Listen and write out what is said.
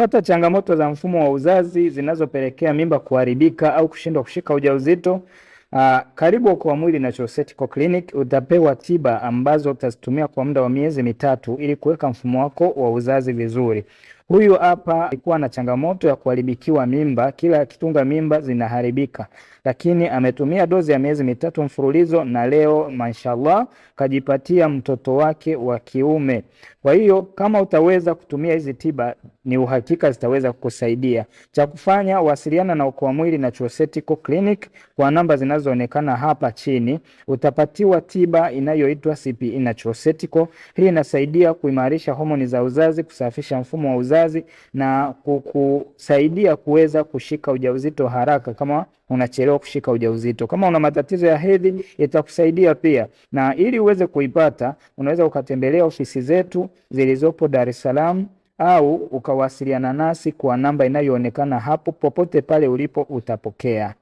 pata changamoto za mfumo wa uzazi zinazopelekea mimba kuharibika au kushindwa kushika ujauzito. Aa, ah, karibu Okoa Mwili na Surgical Clinic, utapewa tiba ambazo utazitumia kwa muda wa miezi mitatu ili kuweka mfumo wako wa uzazi vizuri. Huyu hapa alikuwa na changamoto ya kuharibikiwa mimba, kila akitunga mimba zinaharibika, lakini ametumia dozi ya miezi mitatu mfululizo na leo mashallah kajipatia mtoto wake wa kiume. Kwa hiyo kama utaweza kutumia hizi tiba, ni uhakika zitaweza kukusaidia. Cha kufanya, wasiliana na Okoa Mwili Naturoceutical Clinic kwa namba zinazoonekana hapa chini, utapatiwa tiba inayoitwa CPE Naturoceutical. Hii inasaidia kuimarisha homoni za uzazi, kusafisha mfumo wa uzazi uzazi na kukusaidia kuweza kushika ujauzito haraka kama unachelewa kushika ujauzito. Kama una matatizo ya hedhi itakusaidia pia, na ili uweze kuipata unaweza ukatembelea ofisi zetu zilizopo Dar es Salaam au ukawasiliana nasi kwa namba inayoonekana hapo. Popote pale ulipo utapokea.